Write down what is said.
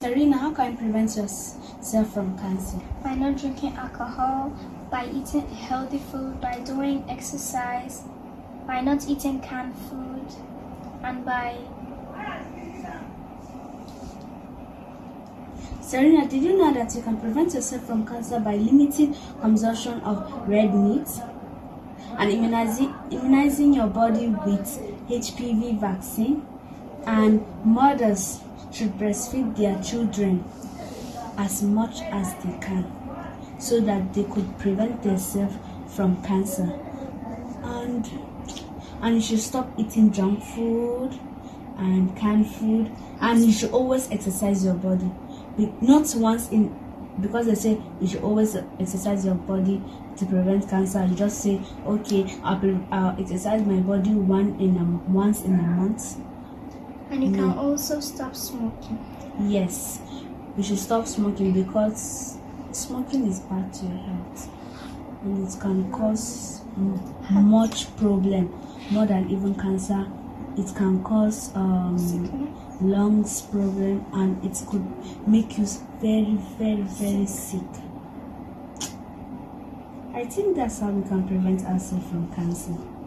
Serena, how can you prevent yourself from cancer? By not drinking alcohol, by eating healthy food, by doing exercise, by not eating canned food, and by. Serena, did you know that you can prevent yourself from cancer by limiting consumption of red meat and immunizing, immunizing your body with HPV vaccine and mothers should breastfeed their children as much as they can so that they could prevent themselves from cancer and and you should stop eating junk food and canned food and you should always exercise your body not once in because they say you should always exercise your body to prevent cancer you just say okay i'll, I'll exercise my body one in a, once in a month and you can mm. also stop smoking. Yes, you should stop smoking because smoking is bad to your health and it can cause much problem more than even cancer it can cause um, lungs problem and it could make you very very very sick i think that's how we can prevent ourselves from cancer